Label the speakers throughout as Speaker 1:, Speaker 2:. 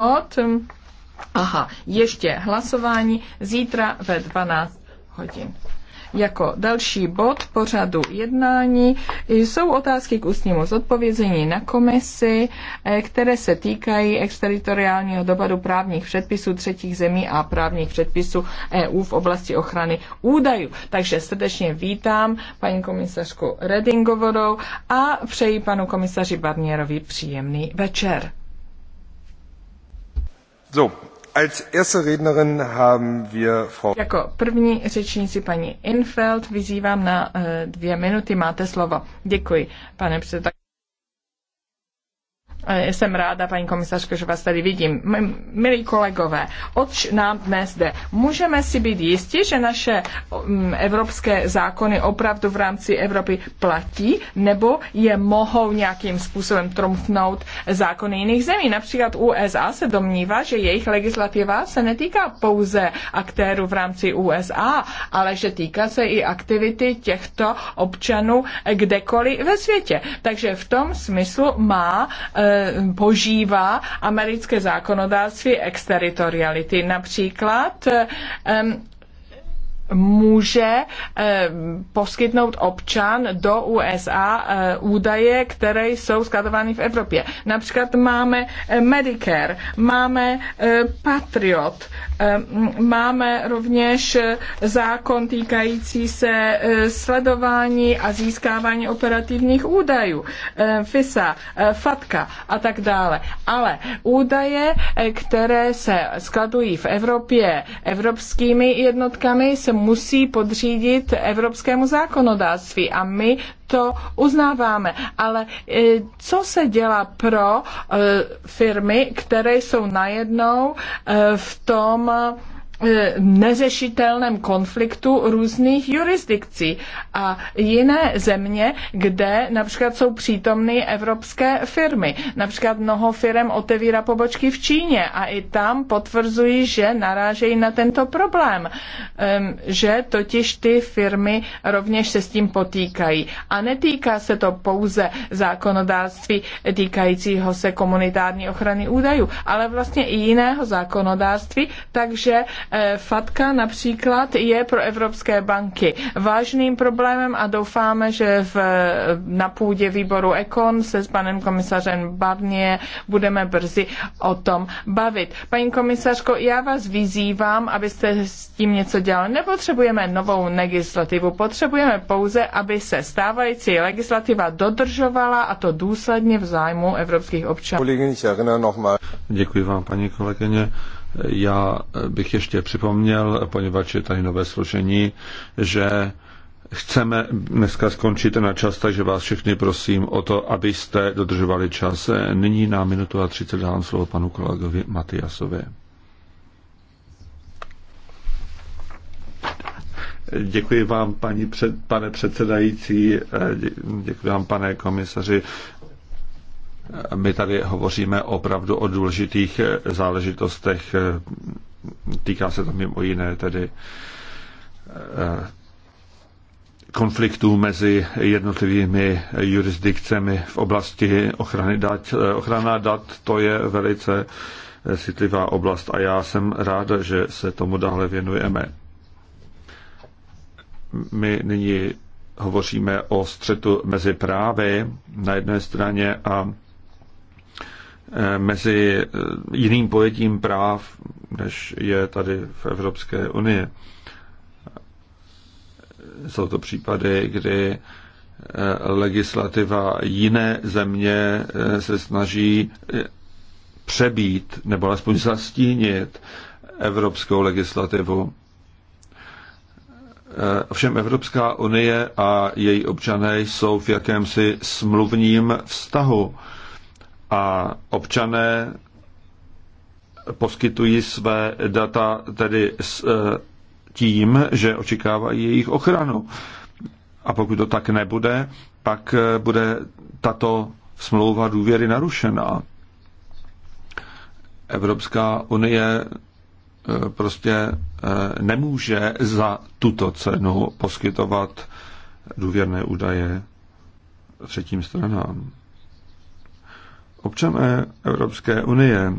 Speaker 1: od, aha, ještě hlasování zítra ve 12 hodin. Jako další bod pořadu jednání jsou otázky k ústnímu zodpovězení na komisi, eh, které se týkají exteritoriálního dopadu právních předpisů třetích zemí a právních předpisů EU v oblasti ochrany údajů. Takže srdečně vítám paní komisařku Redingovodou a přeji panu komisaři Barnierovi příjemný večer.
Speaker 2: So, als erste Rednerin haben wir Frau...
Speaker 1: Jako první řečníci paní Infeld vyzývám na uh, dvě minuty. Máte slovo. Děkuji, pane předsedající. Jsem ráda, paní komisařko, že vás tady vidím. Milí kolegové, oč nám dnes jde? Můžeme si být jistí, že naše mm, evropské zákony opravdu v rámci Evropy platí, nebo je mohou nějakým způsobem trumfnout zákony jiných zemí? Například USA se domnívá, že jejich legislativa se netýká pouze aktérů v rámci USA, ale že týká se i aktivity těchto občanů kdekoliv ve světě. Takže v tom smyslu má e, požívá americké zákonodárství exteritoriality. Například může poskytnout občan do USA eh, údaje, které jsou skladovány v Evropě. Například máme Medicare, máme eh, Patriot, Ehm, máme rovněž zákon týkající se e, sledování a získávání operativních údajů, e, FISA, e, FATKA a tak dále. Ale údaje, které se skladují v Evropě evropskými jednotkami, se musí podřídit evropskému zákonodárství a my to uznáváme. Ale e, co se dělá pro e, firmy, které jsou najednou e, v tom, Eh, neřešitelném konfliktu různých jurisdikcí a jiné země, kde například jsou přítomny evropské firmy. Například mnoho firm otevírá pobočky v Číně a i tam potvrzují, že narážejí na tento problém, že totiž ty firmy rovněž se s tím potýkají. A netýká se to pouze zákonodárství týkajícího se komunitární ochrany údajů, ale vlastně i jiného zákonodárství, takže Eh, Fatka například je pro evropské banky vážným problémem a doufáme, že v, na půdě výboru Econ se s panem komisařem Barnier budeme brzy o tom bavit. Paní komisařko, já vás vyzývám, abyste s tím něco dělali. Nepotřebujeme novou legislativu, potřebujeme pouze, aby se stávající legislativa dodržovala a to důsledně v zájmu
Speaker 2: evropských občanů. Děkuji vám, paní kolegyně. Já bych ještě připomněl, poněvadž je tady nové složení, že chceme dneska skončit na čas, takže vás všechny prosím o to, abyste dodržovali čas. Nyní na minutu a 30 dávám slovo panu kolegovi Matiasovi. Děkuji vám, paní před, pane předsedající, děkuji vám, pane komisaři. My tady hovoříme opravdu o důležitých záležitostech. Týká se to mimo jiné tedy eh, konfliktů mezi jednotlivými jurisdikcemi v oblasti ochrany dat. Ochrana dat to je velice eh, citlivá oblast a já jsem rád, že se tomu dále věnujeme. My nyní hovoříme o střetu mezi právy na jedné straně a Eh, mezi eh, jiným pojetím práv, než je tady v Evropské unii. Jsou to případy, kdy eh, legislativa jiné země se snaží přebít nebo alespoň zastínit evropskou legislativu. Ovšem Evropská unie a její občané jsou v jakémsi smluvním vztahu a občané poskytují své data tedy s e, tím, že očekávají jejich ochranu. A pokud to tak nebude, pak e, bude tato smlouva důvěry narušená. Evropská unie e, prostě nemůže za tuto cenu poskytovat důvěrné údaje třetím stranám. Občané Evropské unie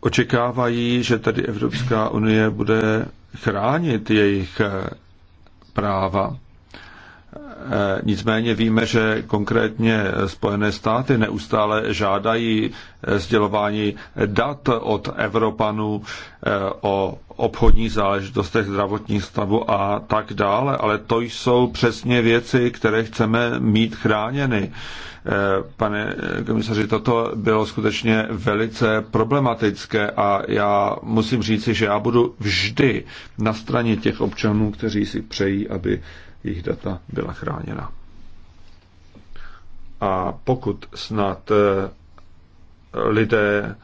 Speaker 2: očekávají, že tady Evropská unie bude chránit jejich práva. Eh, nicméně víme, že konkrétně Spojené státy neustále žádají eh, sdělování dat od Evropanů eh, o obchodních záležitostech, zdravotních stavu a tak dále, ale to jsou přesně věci, které chceme mít chráněny. Pane komisaři, toto bylo skutečně velice problematické a já musím říci, že já budu vždy na straně těch občanů, kteří si přejí, aby jejich data byla chráněna. A pokud snad eh, lidé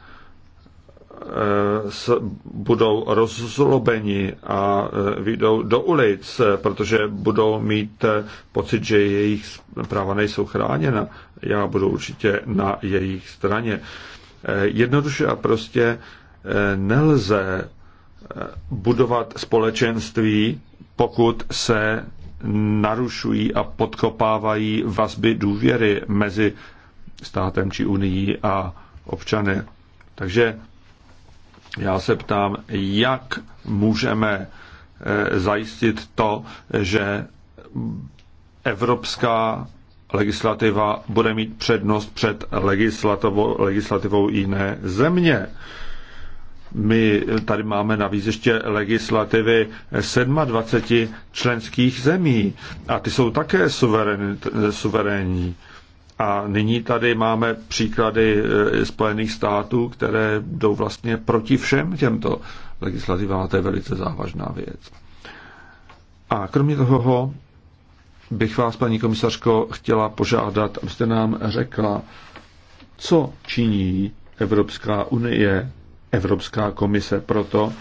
Speaker 2: eh, budou rozlobeni a eh, vyjdou do ulic, protože budou mít pocit, že jejich práva nejsou chráněna. Já budu určitě na jejich straně. Jednoduše a prostě nelze budovat společenství, pokud se narušují a podkopávají vazby důvěry mezi státem či unii a občany. Takže já se ptám, jak můžeme eh, zajistit to, že evropská legislativa bude mít přednost před legislativou, legislativou jiné země. My tady máme navíc ještě legislativy 27 členských zemí a ty jsou také suverénní. A nyní tady máme příklady eh, Spojených států, které jdou vlastně proti všem těmto legislativám a to je velice závažná věc. A kromě toho bych vás, paní komisařko, chtěla požádat, abyste nám řekla, co činí Evropská unie Evropská komise proto,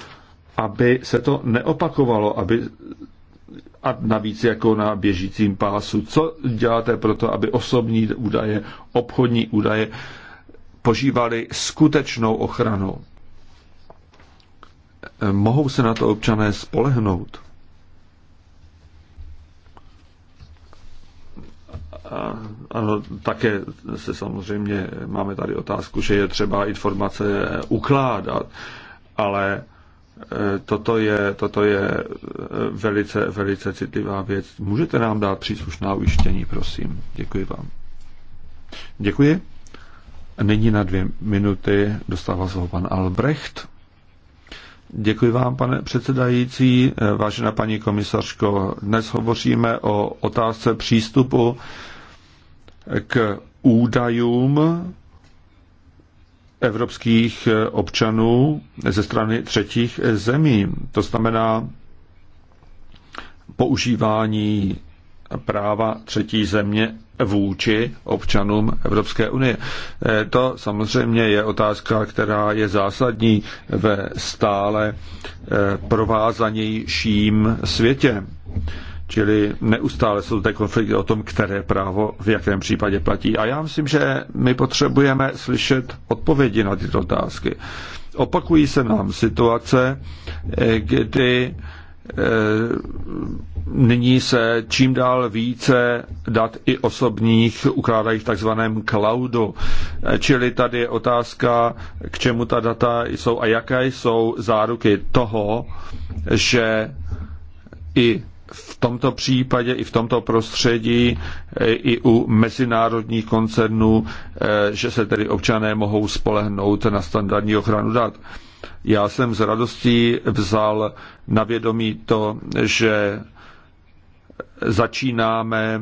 Speaker 2: aby se to neopakovalo, aby a navíc jako na běžícím pásu. Co děláte pro to, aby osobní údaje, obchodní údaje požívaly skutečnou ochranu? Mohou se na to občané spolehnout? Ano, také se samozřejmě máme tady otázku, že je třeba informace ukládat, ale e, toto je, toto je e, velice, velice citlivá věc. Můžete nám dát příslušná ujištění, prosím. Děkuji vám. Děkuji. Nyní na dvě minuty dostává slovo pan Albrecht. Děkuji vám, pane předsedající. E, vážená paní komisařko, dnes hovoříme o otázce přístupu k údajům evropských občanů ze strany třetích zemí. To znamená používání práva třetí země vůči občanům Evropské unie. To samozřejmě je otázka, která je zásadní ve stále provázanějším světě. Čili neustále jsou zde konflikty o tom, které právo v jakém případě platí. A já myslím, že my potřebujeme slyšet odpovědi na tyto otázky. Opakují se nám situace, kdy eh, nyní se čím dál více dat i osobních ukládají v takzvaném cloudu. Čili tady je otázka, k čemu ta data jsou a jaké jsou záruky toho, že i v tomto případě i v tomto prostředí e, i u mezinárodních koncernů, e, že se tedy občané mohou spolehnout na standardní ochranu dat. Já jsem s radostí vzal na vědomí to, že začínáme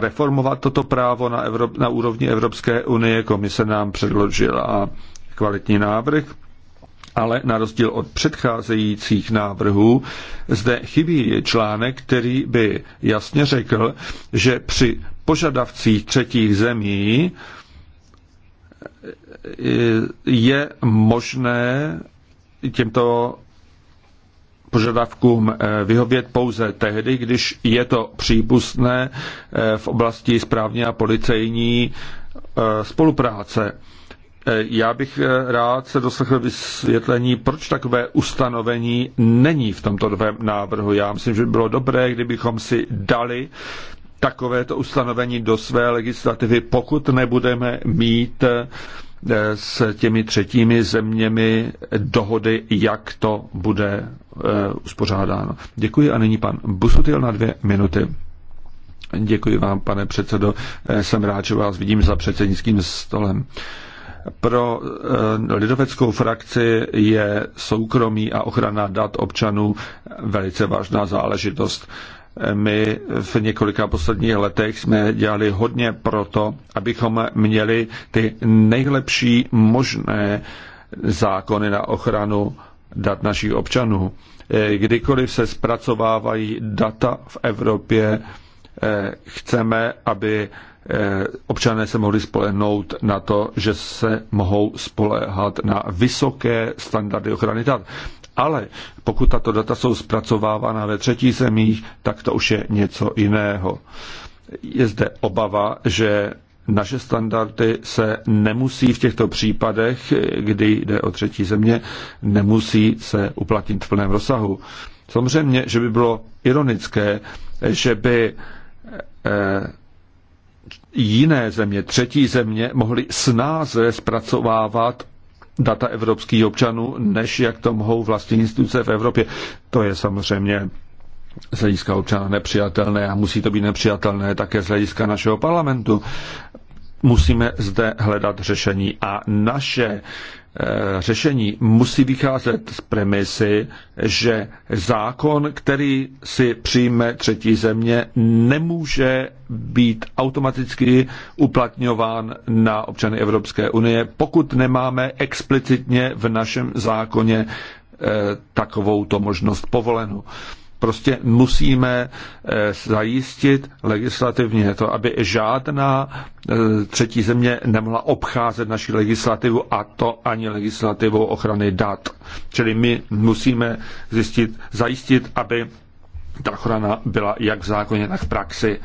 Speaker 2: reformovat toto právo na, Evrop, na úrovni Evropské unie. Komise nám předložila kvalitní návrh ale na rozdíl od předcházejících návrhů zde chybí článek, který by jasně řekl, že při požadavcích třetích zemí eh, je možné těmto požadavkům eh, vyhovět pouze tehdy, když je to přípustné eh, v oblasti správně a policejní spolupráce. Eh, já bych eh, rád se doslechl vysvětlení, proč takové ustanovení není v tomto novém návrhu. Já myslím, že by bylo dobré, kdybychom si dali takovéto ustanovení do své legislativy, pokud nebudeme mít eh, s těmi třetími zeměmi dohody, jak to bude uspořádáno. Děkuji a nyní pan Busutil na dvě minuty. Děkuji vám, pane předsedo. Jsem rád, že vás vidím za předsednickým stolem. Pro eh, lidoveckou frakci je soukromí a ochrana dat občanů velice vážná záležitost. My v několika posledních letech jsme dělali hodně proto, abychom měli ty nejlepší možné zákony na ochranu dat našich občanů. Eh, kdykoliv se zpracovávají data v Evropě, eh, chceme, aby Eh, občané se mohli spolehnout na to, že se mohou spoléhat na vysoké standardy ochrany dat. Ale pokud tato data jsou zpracovávána ve třetí zemích, tak to už je něco jiného. Je zde obava, že naše standardy se nemusí v těchto případech, kdy jde o třetí země, nemusí se uplatnit v plném rozsahu. Samozřejmě, že by bylo ironické, že by eh, jiné země, třetí země, mohly snáze zpracovávat data evropských občanů, než jak to mohou vlastní instituce v Evropě. To je samozřejmě z hlediska občana nepřijatelné a musí to být nepřijatelné také z hlediska našeho parlamentu, musíme zde hledat řešení. A naše eh, řešení musí vycházet z premisy, že zákon, který si přijme třetí země, nemůže být automaticky uplatňován na občany Evropské unie, pokud nemáme explicitně v našem zákoně eh, takovouto možnost povolenou. Prostě musíme eh, zajistit legislativně to, aby žádná eh, třetí země nemohla obcházet naši legislativu a to ani legislativou ochrany dat. Čili my musíme zjistit, zajistit, aby ta ochrana byla jak v zákoně, tak v praxi.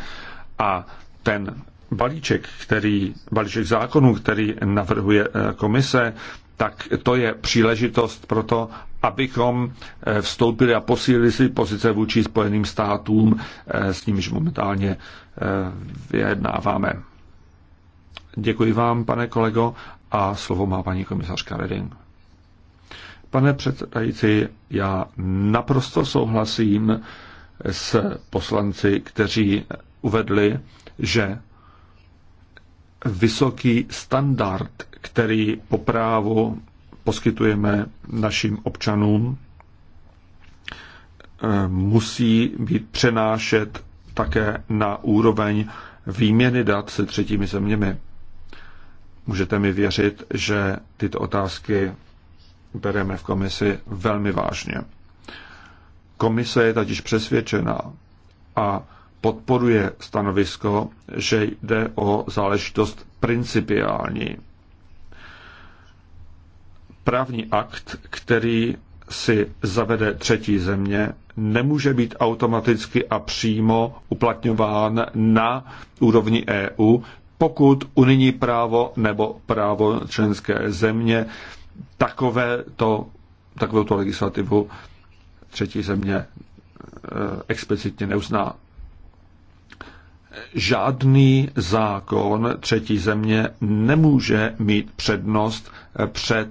Speaker 2: A ten balíček, který, balíček zákonů, který navrhuje eh, komise, tak to je příležitost pro to, abychom eh, vstoupili a posílili si pozice vůči Spojeným státům, eh, s nimiž momentálně eh, vyjednáváme. Děkuji vám, pane kolego, a slovo má paní komisařka Reding. Pane předsedající, já naprosto souhlasím s poslanci, kteří uvedli, že vysoký standard, který po právu poskytujeme našim občanům, eh, musí být přenášet také na úroveň výměny dat se třetími zeměmi. Můžete mi věřit, že tyto otázky bereme v komisi velmi vážně. Komise je totiž přesvědčená a podporuje stanovisko, že jde o záležitost principiální. Právní akt, který si zavede třetí země, nemůže být automaticky a přímo uplatňován na úrovni EU, pokud unijní právo nebo právo členské země takové to, takovou to legislativu třetí země eh, explicitně neuzná žádný zákon třetí země nemůže mít přednost před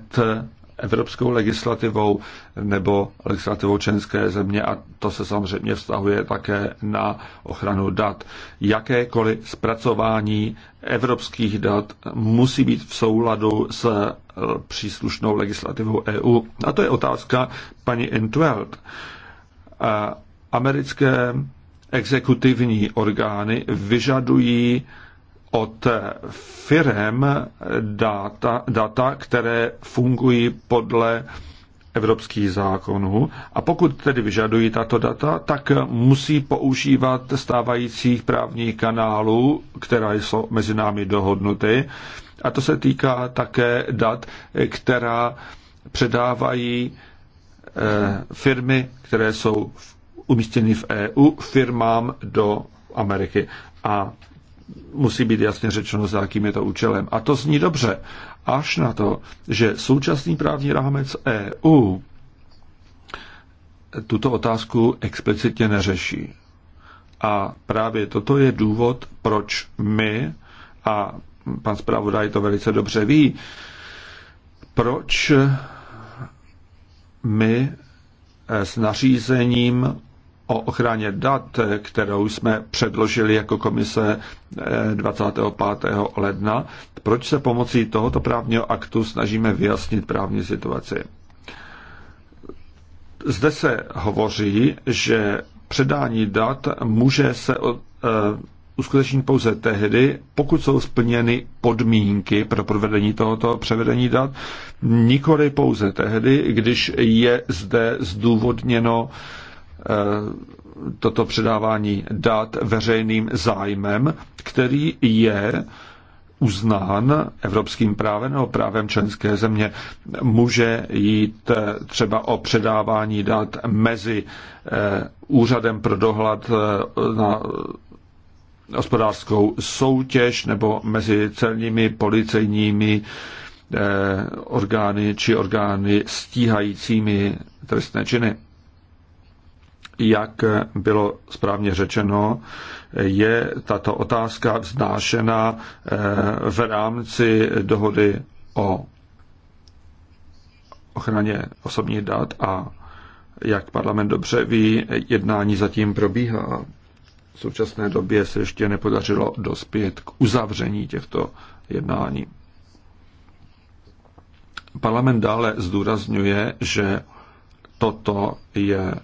Speaker 2: evropskou legislativou nebo legislativou členské země a to se samozřejmě vztahuje také na ochranu dat. Jakékoliv zpracování evropských dat musí být v souladu s eh, příslušnou legislativou EU. A to je otázka paní Entwelt. Eh, americké exekutivní orgány vyžadují od firem data, data, které fungují podle evropských zákonů. A pokud tedy vyžadují tato data, tak musí používat stávajících právních kanálů, které jsou mezi námi dohodnuty. A to se týká také dat, která předávají eh, firmy, které jsou v umístěny v EU firmám do Ameriky. A musí být jasně řečeno, za jakým je to účelem. A to zní dobře, až na to, že současný právní rámec EU tuto otázku explicitně neřeší. A právě toto je důvod, proč my, a pan zpravodaj to velice dobře ví, proč my s nařízením o ochraně dat, kterou jsme předložili jako komise 25. Eh, ledna, proč se pomocí tohoto právního aktu snažíme vyjasnit právní situaci. Zde se hovoří, že předání dat může se eh, uskutečnit pouze tehdy, pokud jsou splněny podmínky pro provedení tohoto převedení dat, nikoli pouze tehdy, když je zde zdůvodněno uh, Eh, toto předávání dat veřejným zájmem, který je uznán evropským právem nebo právem členské země. Může jít eh, třeba o předávání dat mezi eh, úřadem pro dohled na hospodářskou soutěž nebo mezi celními policejními orgány či orgány stíhajícími trestné činy jak bylo správně řečeno, je tato otázka vznášena eh, v rámci dohody o ochraně osobních dat a jak parlament dobře ví, jednání zatím probíhá. V současné době se ještě nepodařilo dospět k uzavření těchto jednání. Parlament dále zdůrazňuje, že toto je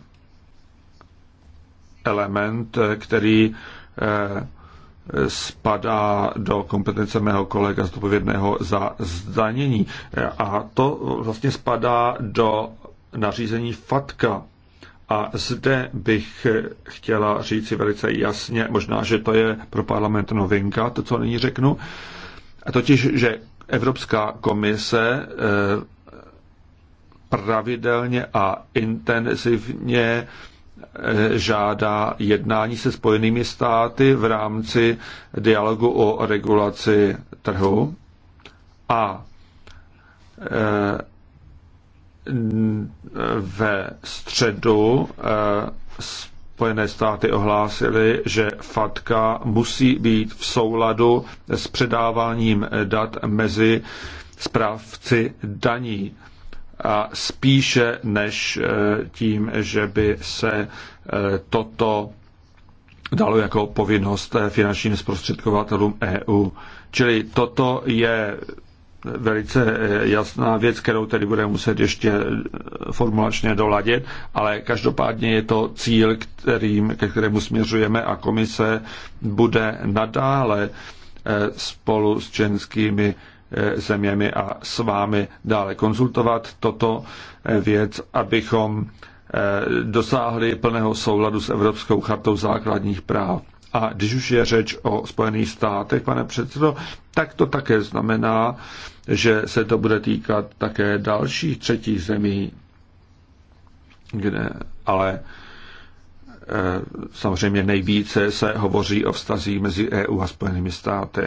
Speaker 2: element, který eh, spadá do kompetence mého kolega zodpovědného za zdanění. A to vlastně spadá do nařízení FATKA. A zde bych chtěla říci velice jasně, možná, že to je pro parlament novinka, to, co nyní řeknu, a totiž, že Evropská komise eh, pravidelně a intenzivně žádá jednání se spojenými státy v rámci dialogu o regulaci trhu a eh, ve středu eh, Spojené státy ohlásily, že FATKA musí být v souladu s předáváním dat mezi správci daní a spíše než eh, tím, že by se eh, toto dalo jako povinnost eh, finančním zprostředkovatelům EU. Čili toto je velice jasná věc, kterou tedy bude muset ještě formulačně doladit, ale každopádně je to cíl, kterým, ke kterému směřujeme a komise bude nadále spolu s členskými E, zeměmi a s vámi dále konzultovat toto e, věc, abychom e, dosáhli plného souladu s Evropskou chartou základních práv. A když už je řeč o Spojených státech, pane předsedo, tak to také znamená, že se to bude týkat také dalších třetích zemí, kde ale samozřejmě nejvíce se hovoří o vztazích mezi EU a Spojenými státy.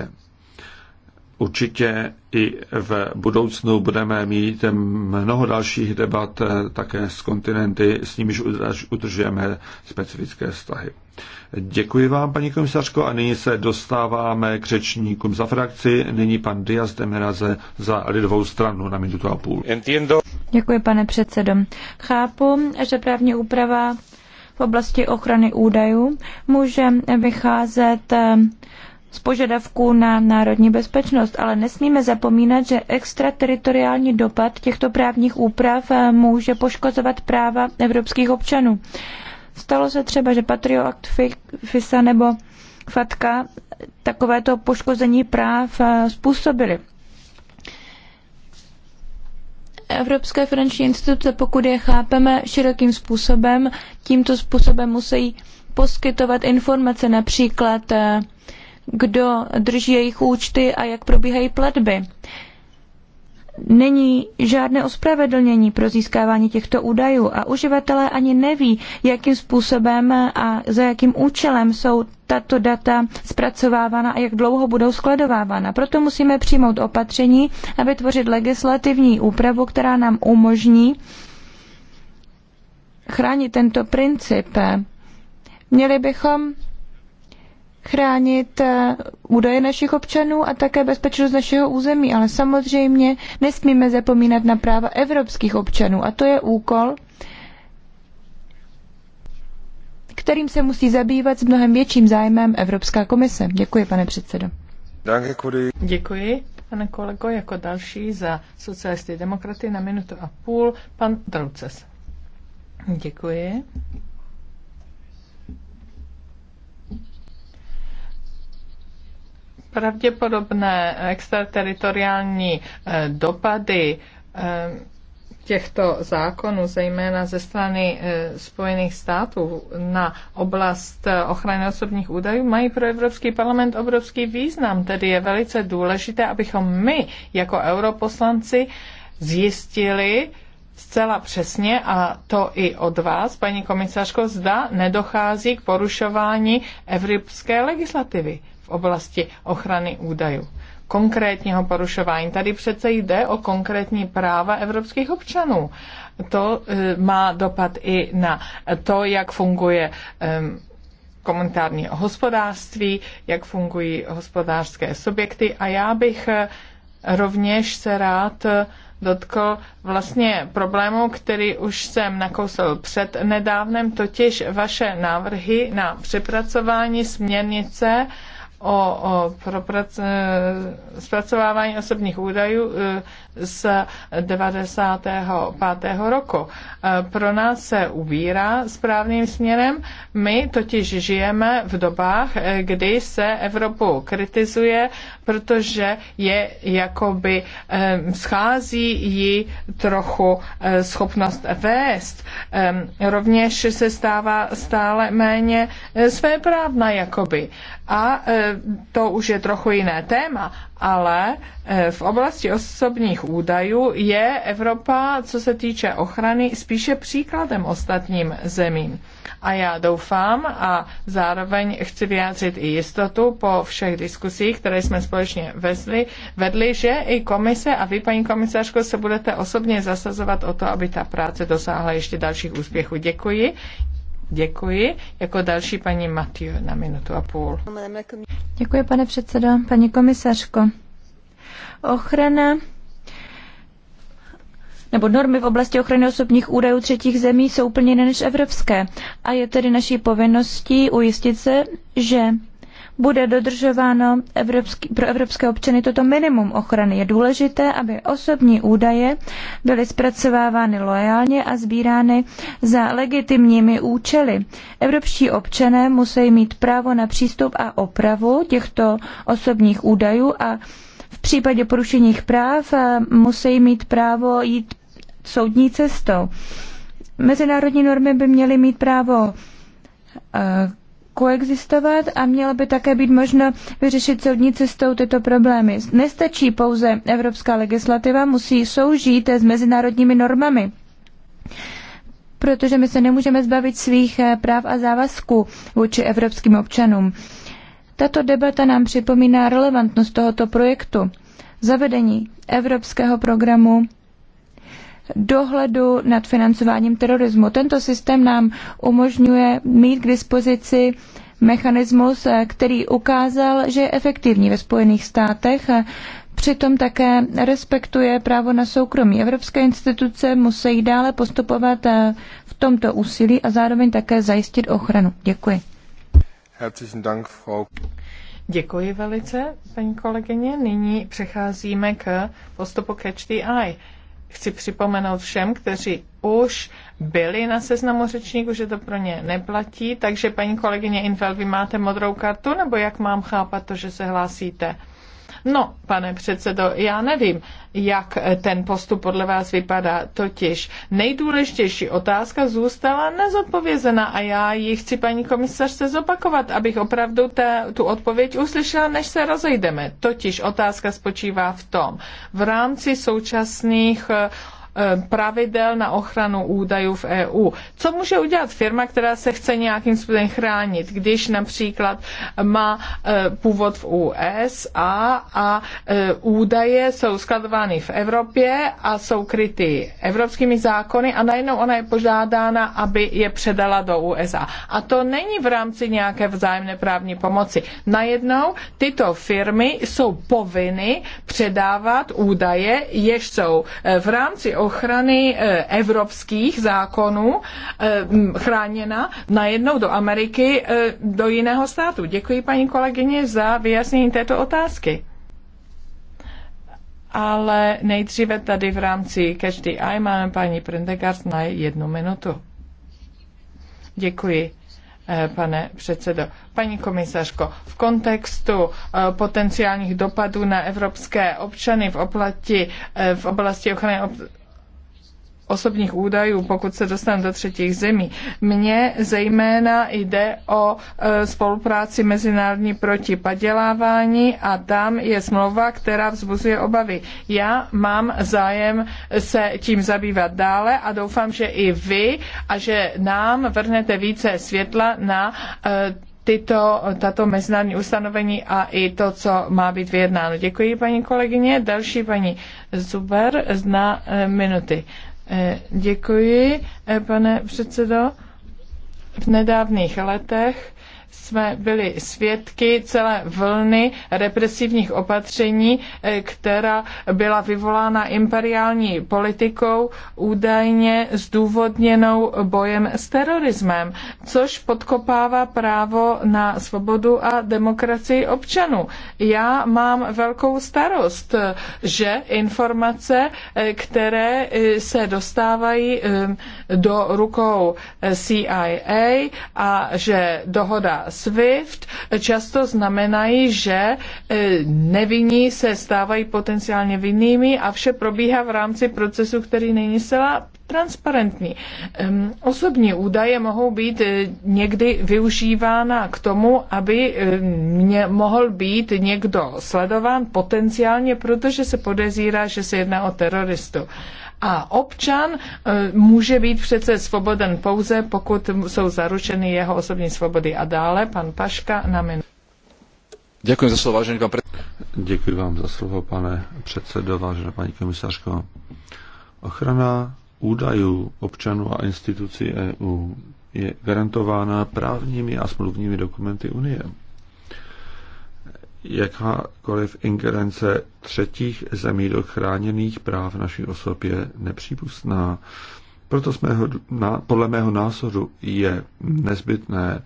Speaker 2: Určitě i v budoucnu budeme mít mnoho dalších debat eh, také s kontinenty, s nimiž udržujeme specifické vztahy. Děkuji vám, paní komisařko, a nyní se dostáváme k řečníkům za frakci. Nyní pan Diaz de Meraze za lidovou stranu na minutu a půl. Entiendo.
Speaker 3: Děkuji, pane předsedo. Chápu, že právní úprava v oblasti ochrany údajů může vycházet eh, z požadavků na národní bezpečnost, ale nesmíme zapomínat, že extrateritoriální dopad těchto právních úprav eh, může poškozovat práva evropských občanů. Stalo se třeba, že Patriot FISA nebo FATKA takovéto poškození práv eh, způsobily. Evropské finanční instituce, pokud je chápeme širokým způsobem, tímto způsobem musí poskytovat informace například eh, kdo drží jejich účty a jak probíhají platby. Není žádné ospravedlnění pro získávání těchto údajů a uživatelé ani neví, jakým způsobem a za jakým účelem jsou tato data zpracovávána a jak dlouho budou skladovávána. Proto musíme přijmout opatření a vytvořit legislativní úpravu, která nám umožní chránit tento princip. Měli bychom chránit eh, údaje našich občanů a také bezpečnost našeho území, ale samozřejmě nesmíme zapomínat na práva evropských občanů a to je úkol, kterým se musí zabývat s mnohem větším zájmem Evropská komise. Děkuji, pane předsedo.
Speaker 1: Děkuji, pane kolego. Jako další za socialisty demokraty na minutu a půl pan Drouces. Děkuji. pravděpodobné extrateritoriální eh, dopady eh, těchto zákonů, zejména ze strany eh, Spojených států na oblast ochrany osobních údajů, mají pro Evropský parlament obrovský význam. Tedy je velice důležité, abychom my jako europoslanci zjistili, zcela přesně, a to i od vás, paní komisařko, zda nedochází k porušování evropské legislativy oblasti ochrany údajů. Konkrétního porušování. Tady přece jde o konkrétní práva evropských občanů. To eh, má dopad i na to, jak funguje ehm, komunitární hospodářství, jak fungují hospodářské subjekty a já bych eh, rovněž se rád eh, dotkl vlastně problému, který už jsem nakousil před nedávnem, totiž vaše návrhy na přepracování směrnice o, o proprac, zpracovávání osobních údajů e, z 95. roku. E, pro nás se ubírá správným směrem. My totiž žijeme v dobách, e, kdy se Evropu kritizuje, protože je jakoby schází ji trochu schopnost vést. Rovněž se stává stále méně svéprávna jakoby. A to už je trochu jiné téma, ale eh, v oblasti osobních údajů je Evropa, co se týče ochrany, spíše příkladem ostatním zemím. A já doufám a zároveň chci vyjádřit i jistotu po všech diskusích, které jsme společně vezli, vedli, že i komise a vy, paní komisařko, se budete osobně zasazovat o to, aby ta práce dosáhla ještě dalších úspěchů. Děkuji. Děkuji. Jako další paní Matiu na minutu a půl.
Speaker 3: Děkuji, pane předsedo. Paní komisařko, ochrana nebo normy v oblasti ochrany osobních údajů třetích zemí jsou úplně jiné než evropské. A je tedy naší povinností ujistit se, že bude dodržováno evropský, pro evropské občany toto minimum ochrany. Je důležité, aby osobní údaje byly zpracovávány loajálně a sbírány za legitimními účely. Evropští občané musí mít právo na přístup a opravu těchto osobních údajů a v případě porušení jejich práv eh, musí mít právo jít soudní cestou. Mezinárodní normy by měly mít právo eh, koexistovat a mělo by také být možno vyřešit soudní cestou tyto problémy. Nestačí pouze evropská legislativa, musí soužít s mezinárodními normami protože my se nemůžeme zbavit svých eh, práv a závazků vůči evropským občanům. Tato debata nám připomíná relevantnost tohoto projektu. Zavedení evropského programu dohledu nad financováním terorismu. Tento systém nám umožňuje mít k dispozici mechanismus, eh, který ukázal, že je efektivní ve Spojených státech. Eh, přitom také respektuje právo na soukromí. Evropské instituce musí dále postupovat eh, v tomto úsilí a zároveň také zajistit ochranu. Děkuji.
Speaker 1: Děkuji velice, paní kolegyně. Nyní přecházíme k postupu Catch the Eye. Chci připomenout všem, kteří už byli na seznamu řečníku, že to pro ně neplatí. Takže paní kolegyně Infel, vy máte modrou kartu, nebo jak mám chápat to, že se hlásíte? No, pane předsedo, já nevím, jak ten postup podle vás vypadá. Totiž nejdůležitější otázka zůstala nezodpovězena a já ji chci paní komisařce zopakovat, abych opravdu ta, tu odpověď uslyšela, než se rozejdeme. Totiž otázka spočívá v tom, v rámci současných uh, Eh, pravidel na ochranu údajů v EU. Co může udělat firma, která se chce nějakým způsobem chránit, když například má eh, původ v USA a eh, údaje jsou skladovány v Evropě a jsou kryty evropskými zákony a najednou ona je požádána, aby je předala do USA. A to není v rámci nějaké vzájemné právní pomoci. Najednou tyto firmy jsou povinny předávat údaje, jež jsou v rámci ochrany eh, evropských zákonů eh, chráněna najednou do Ameriky, eh, do jiného státu. Děkuji paní kolegyně za vyjasnění této otázky. Ale nejdříve tady v rámci každý aj máme paní Prendegast na jednu minutu. Děkuji pane předsedo. Paní komisařko, v kontextu potenciálních dopadů na evropské občany v oblasti, v oblasti ochrany ob osobních údajů, pokud se dostanu do třetích zemí. Mně zejména jde o e, spolupráci mezinárodní proti padělávání a tam je smlouva, která vzbuzuje obavy. Já mám zájem se tím zabývat dále a doufám, že i vy a že nám vrhnete více světla na e, tyto, tato mezinárodní ustanovení a i to, co má být vyjednáno. Děkuji, paní kolegyně. Další paní Zuber na e, minuty. Eh, děkuji, eh, pane předsedo. V nedávných letech jsme byli svědky celé vlny represivních opatření, eh, která byla vyvolána imperiální politikou, údajně zdůvodněnou bojem s terorismem, což podkopává právo na svobodu a demokracii občanů. Já mám velkou starost, eh, že informace, eh, které se dostávají do rukou CIA a že dohoda SWIFT často znamenají, že e, nevinní se stávají potenciálně vinnými a vše probíhá v rámci procesu, který není zcela transparentní. Osobní údaje mohou být e, někdy využívána k tomu, aby e, mě mohl být někdo sledován potenciálně, protože se podezírá, že se jedná o teroristu. A občan e, může být přece svoboden pouze, pokud jsou zaručeny jeho osobní svobody. A dále pan Paška na minu.
Speaker 2: Děkuji za slovo, vážený pan Děkuji vám za slovo, pane předsedo, vážená paní komisařko. Ochrana údajů občanů a institucí EU je garantována právními a smluvními dokumenty Unie jakákoliv ingerence třetích zemí do chráněných práv naší osob je nepřípustná. Proto jsme, podle mého názoru je nezbytné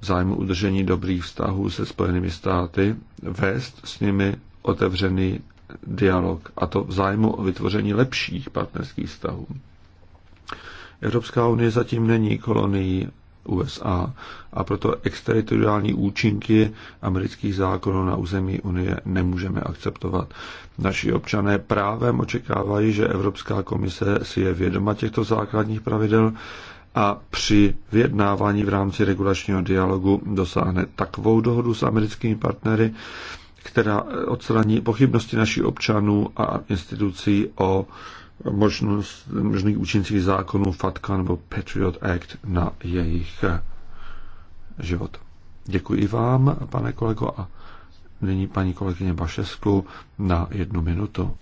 Speaker 2: v zájmu udržení dobrých vztahů se Spojenými státy vést s nimi otevřený dialog, a to v zájmu o vytvoření lepších partnerských vztahů. Evropská unie zatím není kolonií USA a proto exteritoriální účinky amerických zákonů na území Unie nemůžeme akceptovat. Naši občané právem očekávají, že Evropská komise si je vědoma těchto základních pravidel a při vyjednávání v rámci regulačního dialogu dosáhne takovou dohodu s americkými partnery, která odstraní pochybnosti našich občanů a institucí o možnost, možných účincích zákonů FATCA nebo Patriot Act na jejich eh, život. Děkuji vám, pane kolego, a nyní paní kolegyně Bašesku na jednu minutu.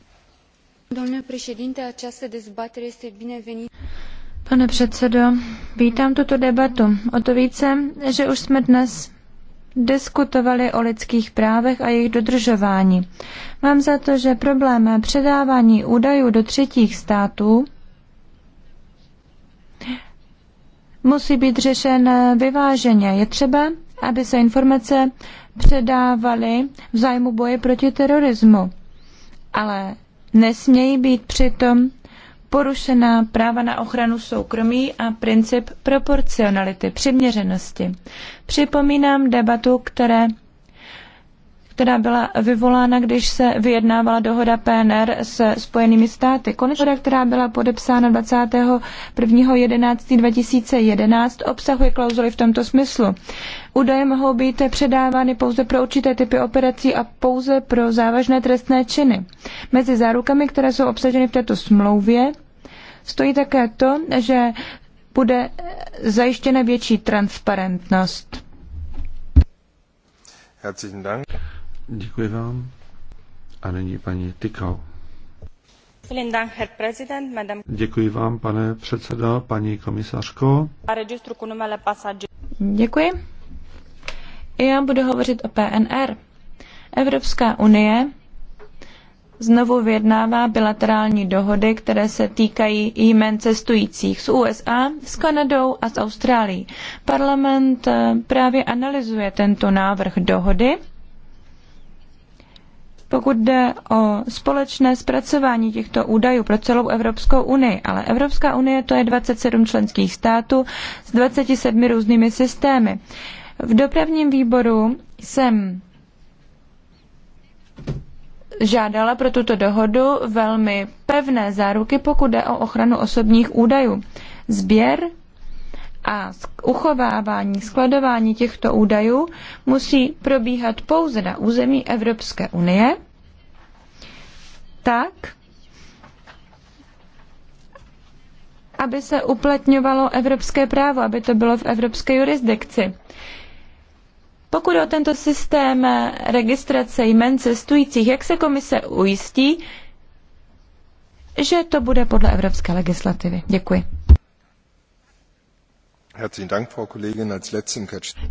Speaker 3: Pane předsedo, vítám tuto debatu. O to více, že už jsme dnes diskutovali o lidských právech a jejich dodržování. Mám za to, že problém předávání údajů do třetích států musí být řešen vyváženě. Je třeba, aby se informace předávaly v zájmu boje proti terorismu, ale nesmějí být přitom porušena práva na ochranu soukromí a princip proporcionality, přiměřenosti. Připomínám debatu, které která byla vyvolána, když se vyjednávala dohoda PNR se Spojenými státy. Konečná, která byla podepsána 21.11.2011, obsahuje klauzuly v tomto smyslu. Údaje mohou být předávány pouze pro určité typy operací a pouze pro závažné trestné činy. Mezi zárukami, které jsou obsaženy v této smlouvě, stojí také to, že bude zajištěna větší transparentnost.
Speaker 2: Děkuji vám. A nyní paní Tykau. Děkuji vám, pane předsedo, paní komisařko.
Speaker 3: Děkuji. Já budu hovořit o PNR. Evropská unie znovu vyjednává bilaterální dohody, které se týkají jmen cestujících z USA, s Kanadou a z Austrálií. Parlament eh, právě analyzuje tento návrh dohody. Pokud jde o společné zpracování těchto údajů pro celou Evropskou unii, ale Evropská unie to je 27 členských států s 27 různými systémy. V dopravním výboru jsem žádala pro tuto dohodu velmi pevné záruky, pokud jde o ochranu osobních údajů. Sběr a uchovávání, skladování těchto údajů musí probíhat pouze na území Evropské unie, tak, aby se uplatňovalo evropské právo, aby to bylo v evropské jurisdikci. Pokud o tento systém registrace jmen cestujících, jak se komise ujistí, že to bude podle evropské legislativy? Děkuji.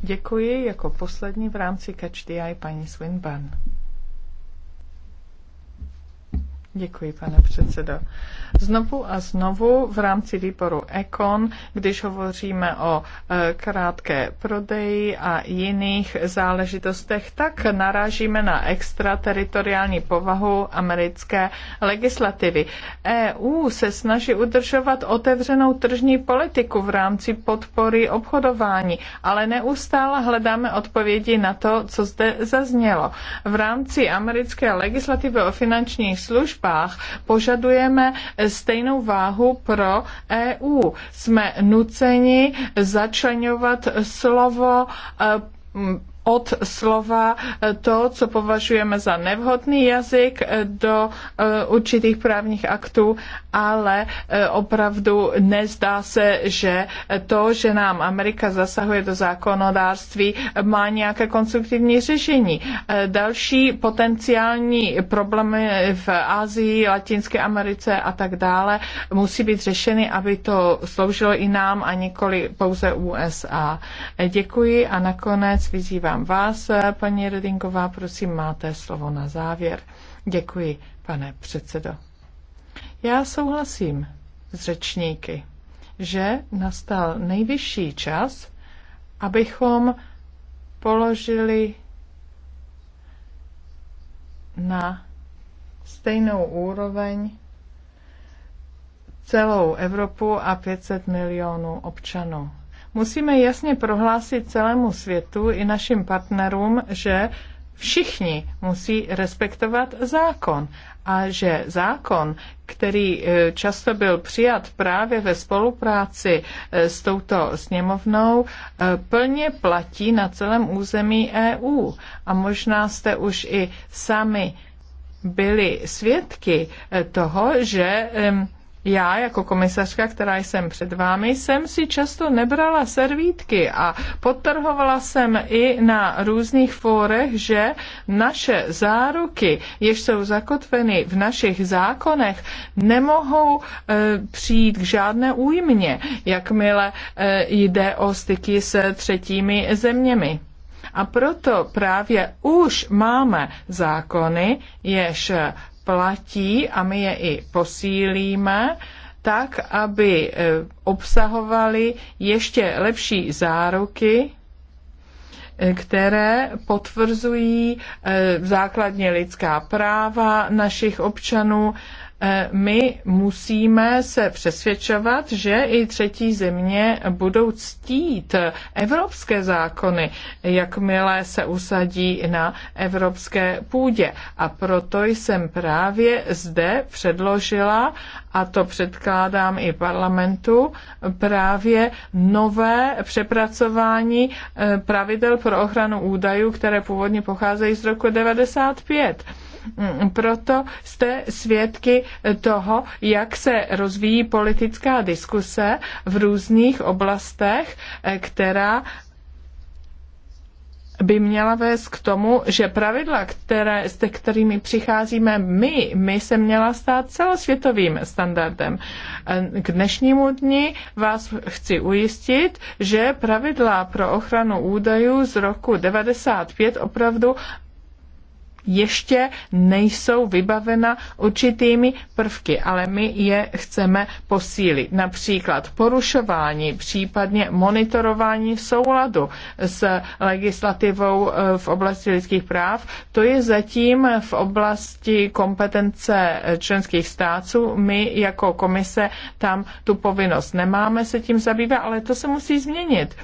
Speaker 1: Děkuji jako poslední v rámci Catch paní Swinburne. Děkuji, pane předsedo. Znovu a znovu v rámci výboru Econ, když hovoříme o e, krátké prodeji a jiných záležitostech, tak narážíme na extrateritoriální povahu americké legislativy. EU se snaží udržovat otevřenou tržní politiku v rámci podpory obchodování, ale neustále hledáme odpovědi na to, co zde zaznělo. V rámci americké legislativy o finančních služb službách. Požadujeme stejnou váhu pro EU. Jsme nuceni začlenovat slovo eh, od slova eh, to, co považujeme za nevhodný jazyk eh, do eh, určitých právních aktů, ale opravdu nezdá se, že to, že nám Amerika zasahuje do zákonodárství, má nějaké konstruktivní řešení. Další potenciální problémy v Asii, Latinské Americe a tak dále musí být řešeny, aby to sloužilo i nám a nikoli pouze USA. Děkuji a nakonec vyzývám vítám vás, paní Redingová. Prosím, máte slovo na závěr. Děkuji, pane předsedo. Já souhlasím s řečníky, že nastal nejvyšší čas, abychom položili na stejnou úroveň celou Evropu a 500 milionů občanů. Musíme jasně prohlásit celému světu i našim partnerům, že všichni musí respektovat zákon a že zákon, který eh, často byl přijat právě ve spolupráci eh, s touto sněmovnou, eh, plně platí na celém území EU. A možná jste už i sami byli svědky toho, že já jako komisařka, která jsem před vámi, jsem si často nebrala servítky a podtrhovala jsem i na různých fórech, že naše záruky, jež jsou zakotveny v našich zákonech, nemohou e, přijít k žádné újmě, jakmile e, jde o styky s třetími zeměmi. A proto právě už máme zákony, jež platí a my je i posílíme, tak, aby e, obsahovaly ještě lepší záruky, e, které potvrzují e, základně lidská práva našich občanů, Eh, my musíme se přesvědčovat, že i třetí země budou ctít evropské zákony, jakmile se usadí na evropské půdě. A proto jsem právě zde předložila, a to předkládám i parlamentu, právě nové přepracování eh, pravidel pro ochranu údajů, které původně pocházejí z roku 95 Mm, proto jste svědky toho, jak se rozvíjí politická diskuse v různých oblastech, eh, která by měla vést k tomu, že pravidla, které, s kterými přicházíme my, my se měla stát celosvětovým standardem. Eh, k dnešnímu dni vás chci ujistit, že pravidla pro ochranu údajů z roku 95 opravdu ještě nejsou vybavena určitými prvky, ale my je chceme posílit. Například porušování, případně monitorování v souladu s legislativou eh, v oblasti lidských práv, to je zatím v oblasti kompetence eh, členských států. My jako komise tam tu povinnost nemáme se tím zabývat, ale to se musí změnit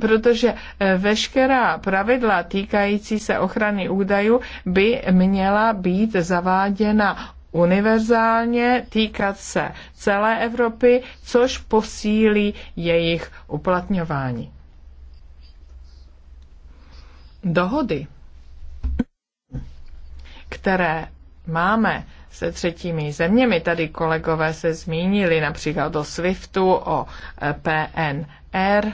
Speaker 1: protože eh, veškerá pravidla týkající se ochrany údajů by měla být zaváděna univerzálně, týkat se celé Evropy, což posílí jejich uplatňování. Dohody, které máme se třetími zeměmi, tady kolegové se zmínili například o SWIFTu, o eh, PNR,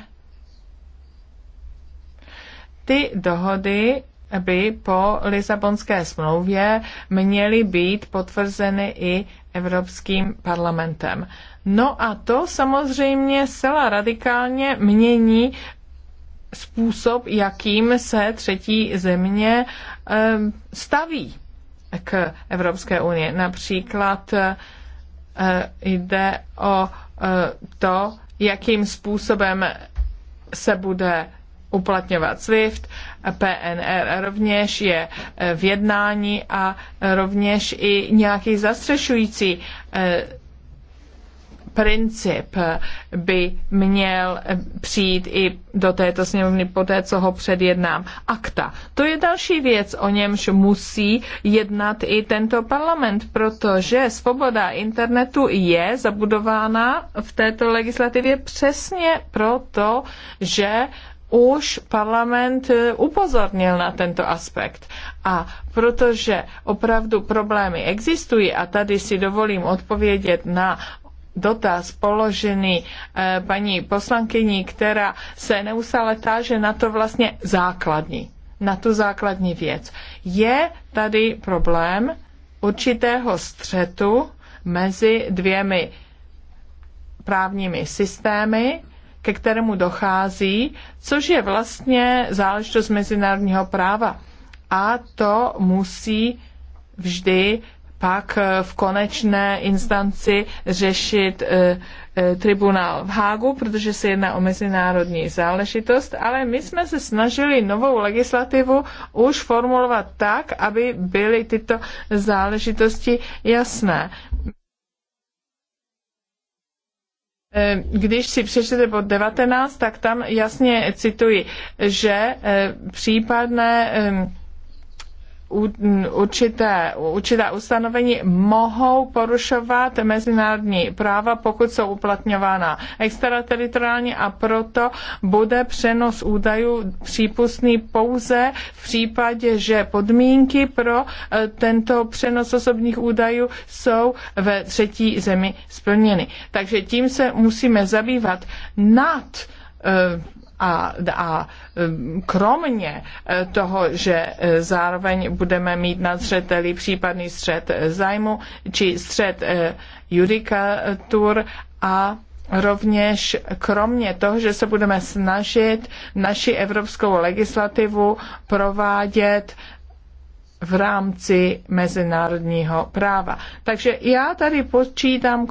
Speaker 1: ty dohody by po Lisabonské smlouvě měly být potvrzeny i Evropským parlamentem. No a to samozřejmě zcela radikálně mění způsob, jakým se třetí země eh, staví k Evropské unii. Například eh, jde o eh, to, jakým způsobem se bude uplatňovat SWIFT, PNR rovněž je eh, v jednání a rovněž i nějaký zastřešující eh, princip by měl eh, přijít i do této sněmovny po té, co ho předjednám. Akta. To je další věc, o němž musí jednat i tento parlament, protože svoboda internetu je zabudována v této legislativě přesně proto, že už parlament eh, upozornil na tento aspekt. A protože opravdu problémy existují, a tady si dovolím odpovědět na dotaz položený eh, paní poslankyní, která se neustále táže na to vlastně základní, na tu základní věc. Je tady problém určitého střetu mezi dvěmi právními systémy, ke kterému dochází, což je vlastně záležitost mezinárodního práva. A to musí vždy pak v konečné instanci řešit eh, eh, tribunál v Hágu, protože se jedná o mezinárodní záležitost, ale my jsme se snažili novou legislativu už formulovat tak, aby byly tyto záležitosti jasné. E, když si přečtete bod 19, tak tam jasně cituji, že e, případné určité, určité ustanovení mohou porušovat mezinárodní práva, pokud jsou uplatňována extrateritoriálně a proto bude přenos údajů přípustný pouze v případě, že podmínky pro eh, tento přenos osobních údajů jsou ve třetí zemi splněny. Takže tím se musíme zabývat nad eh, a, a um, kromě eh, toho, že eh, zároveň budeme mít na zřeteli případný střed eh, zájmu či střed judikatur a rovněž kromě toho, že se budeme snažit naši evropskou legislativu provádět v rámci mezinárodního práva. Takže já tady počítám,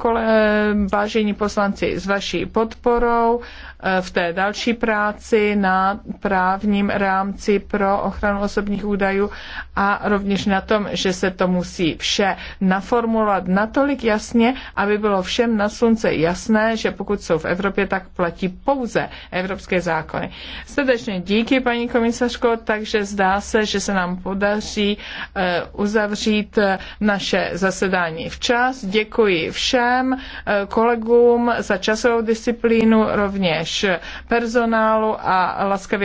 Speaker 1: vážení poslanci, s vaší podporou Eh, v té další práci na právním rámci pro ochranu osobních údajů a rovněž na tom, že se to musí vše naformulovat natolik jasně, aby bylo všem na slunce jasné, že pokud jsou v Evropě, tak platí pouze evropské zákony. Srdečně díky, paní komisařko, takže zdá se, že se nám podaří eh, uzavřít eh, naše zasedání včas. Děkuji všem kolegům za časovou disciplínu rovněž personálu a laskavě